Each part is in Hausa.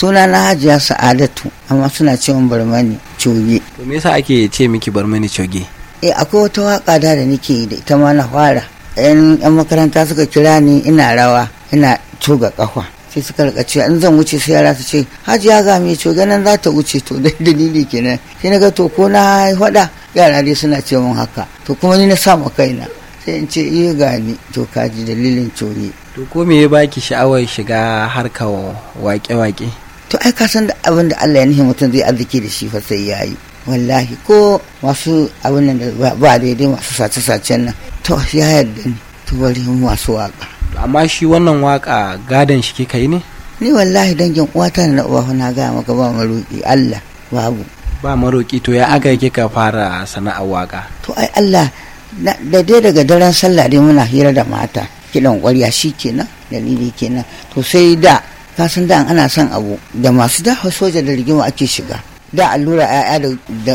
suna na hajiya sa'adatu amma suna ce min barmani coge to me yasa ake ce miki barmani coge eh akwai wata waka da da nake da ita ma na fara yan yan makaranta suka kira ni ina rawa ina coga kafa sai suka rika cewa in zan wuce sai yara su ce hajiya ga me coge nan za ta wuce to dai dalili kenan sai na ga to ko na faɗa yara dai suna ce min haka to kuma ni na sa ma kai na. sai in ce iya eh, gani to kaji dalilin coge to ko me ya baki sha'awar shiga harkar waƙe-waƙe. to ai ka san abin da Allah ya nufi mutum zai arziki da shi fa sai ya yi wallahi ko masu abin da ba daidai masu sace-sacen nan to ya yarda ne to bari masu waka amma shi wannan waka gadon shi kika yi ne ni wallahi dangin uwata na uwa na ga maka ba maroki Allah babu ba maroki to ya aka yake ka fara sana'ar waka to ai Allah da dai daga daren sallah dai muna hira da mata kiɗan ƙwarya shi kenan dalili kenan to sai da ka san da ana son abu da masu dafa soja da rigima ake shiga da allura ya'ya da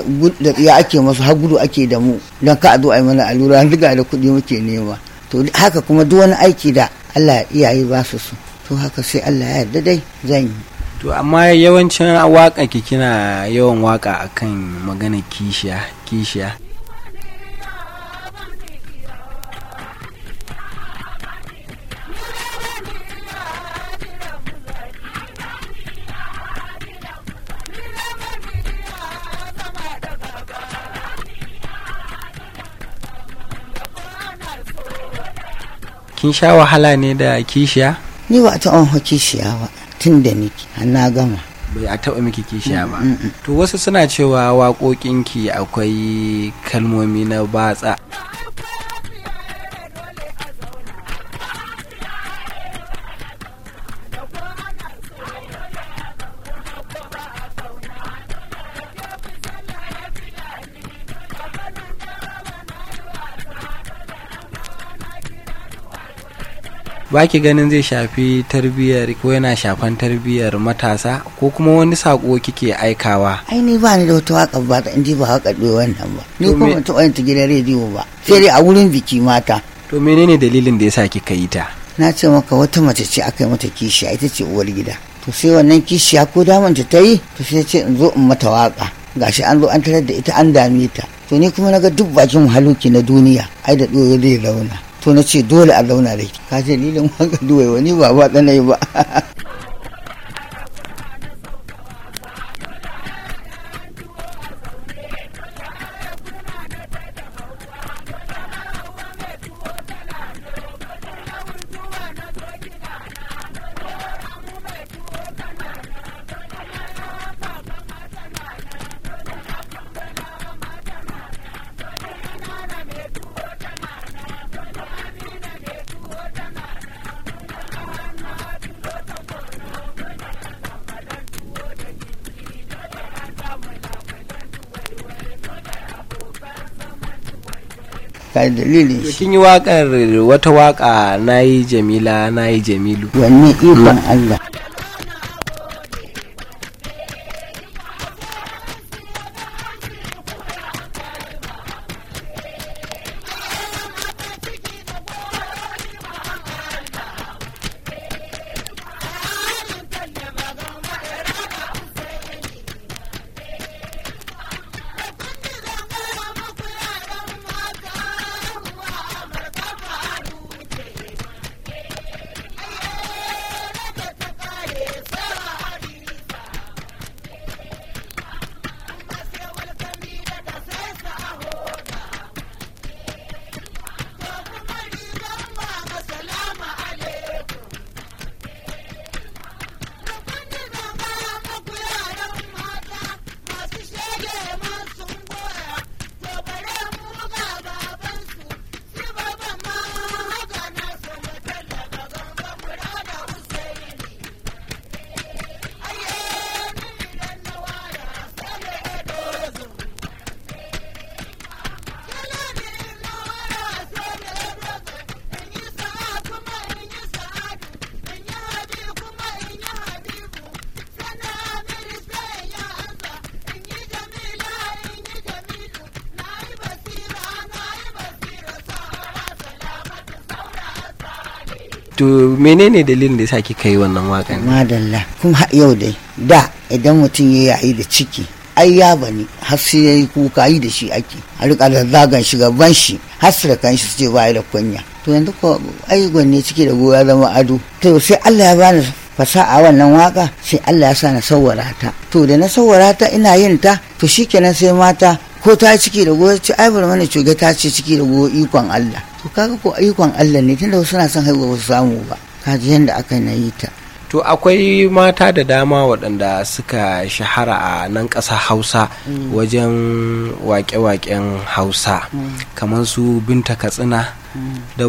ya ake masu har gudu ake da mu don ka a zo a mana allura an riga da kuɗi muke nema to haka kuma duk wani aiki da Allah iyaye ba su su to haka sai Allah ya yarda dai zan yi to amma yawancin waka ki kina yawan waka akan magana kishiya kishiya kin sha wahala ne da kishiya ni ba ta on kishiya ba tun da niki na gama bai a taba miki kishiya ba mm, mm, mm. to wasu suna cewa waƙoƙinki akwai kalmomi na batsa ba ki ganin zai shafi tarbiyyar ko yana shafan tarbiyyar matasa ko kuma wani sako kike aikawa ai ni ba ni da wata waka ba in ji ba haka wannan ba ni kuma ta wani ta gidan rediyo ba sai dai a wurin biki mata to menene dalilin da yasa kika yi ta na ce maka wata mace ce aka yi mata kishiya ita ce uwar gida to sai wannan kishiya ko damanta ta yi to sai ce in zo in mata waka shi an zo an tarar da ita an dame ta to ni kuma na ga duk bakin haluki na duniya ai da ɗoyo zai launa. to na ce dole a zauna da ita ka ce lilin wanka duwai wani ba ba ɗanayi ba yi dalilin shi kin yi wakar wata na yi jamila na yi jamilu wanne ikon Allah to menene dalilin da yasa kika yi wannan wakan madalla kuma yau dai da idan mutum ya yi da ciki ai ya bani har sai ya yi kuka yi da shi ake a rika da zagan shi gaban shi har su da kanshi su ce ba da kunya to yanzu ko ai gwanne ciki da goya zama ado to sai Allah ya bani fasaha wannan waka sai Allah ya sa na sawara ta to da na sawara ta ina yin ta to shikenan sai mata ko ta ciki da goya? ai bar mana cuga ta ce ciki da goyo ikon Allah to kaga ko ayyukan Allah ne tunda wasu suna son haihuwa wasu samu ba kaji yadda aka na yi ta to akwai mata da dama waɗanda suka shahara a nan ƙasa hausa mm. wajen waƙe-waƙen hausa mm. kamar su binta katsina mm. da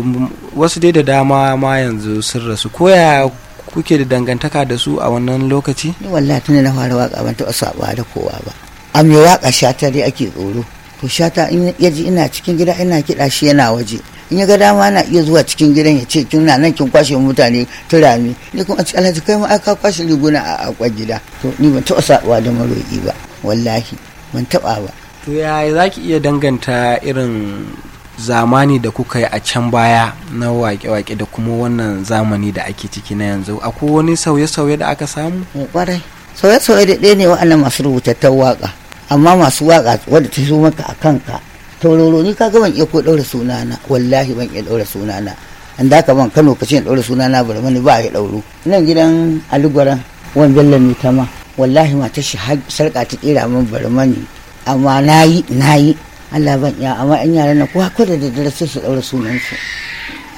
wasu dai da dama ma yanzu sun rasu koya kuke da dangantaka da su a wannan lokaci ni wallahi tun na fara waka ban taɓa saɓa da kowa ba a mai waka shata dai ake tsoro to shata in yaji ina cikin gida ina kiɗa shi yana waje in ya ga dama na iya zuwa cikin gidan ya ce kina nan kin kwashe mutane ta rami ni kuma ce alhaji kai ma aka kwashe riguna a akwai gida to ni ban taɓa saɓuwa da maroƙi ba wallahi ban taɓa ba. to ya za ki iya danganta irin zamani da kuka yi a can baya na wake-wake da kuma wannan zamani da ake ciki na yanzu akwai wani sauye-sauye da aka samu? kwarai eh, sauye-sauye da ɗaya ne wa'annan masu rubutattun waka amma masu waka wadda ta zo maka a kanka tauraro ni kaga ban iya ko daura sunana wallahi ban iya daura na an da ban kano ka ce daura sunana bari mani ba ya dauro nan gidan alugwara wani bello ne ta ma wallahi mata shi sarka ta kira min bari mani amma nayi nayi Allah ban iya amma in yaran na ko haka da daddare sai su daura sunan su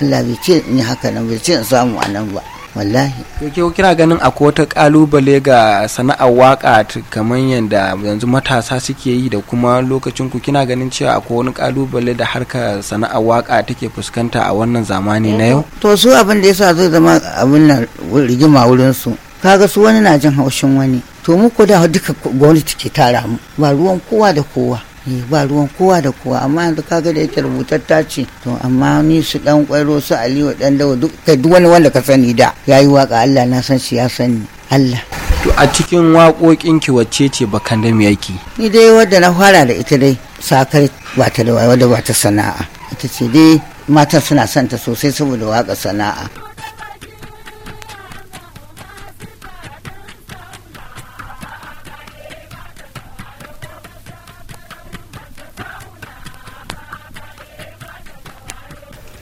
Allah bai ce in haka nan bai ce in samu anan ba wallahi yake kira ganin akwai wata kalubale ga sana'ar waka kamar yadda yanzu matasa suke yi da kuma lokacin ku kina ganin cewa akwai wani kalubale da harka sana'ar waka take fuskanta a wannan zamani na yau to su abin da yasa zai zama abin nan rigima wurin su kaga su wani na jin haushin wani to mu ko da duka gwamnati ke tara mu ba ruwan kowa da kowa ba ruwan kowa da kowa amma yanzu ka ga da yake rubutatta ce to amma ni su dan kwairo su aliyu dan dawo duk kai duk wani wanda ka sani da yayi waka Allah na san shi ya sani Allah to a cikin waƙoƙin ki wacce ce bakan da ni dai wadda na fara da ita dai sakar ba ta da wadda ba ta sana'a ita ce dai matan suna santa sosai saboda waka sana'a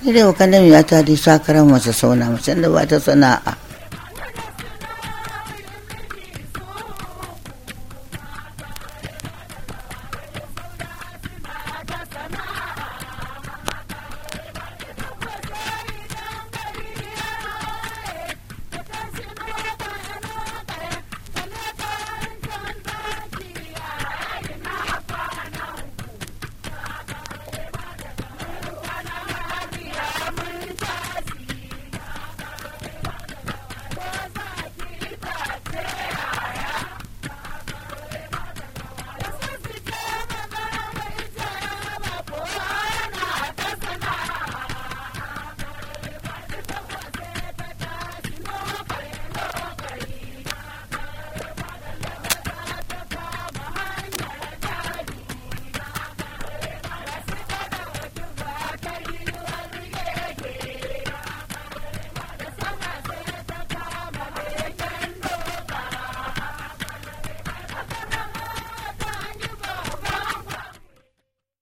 sai dai wakan da ta sa sakaran mace sauna mace da ba ta sana'a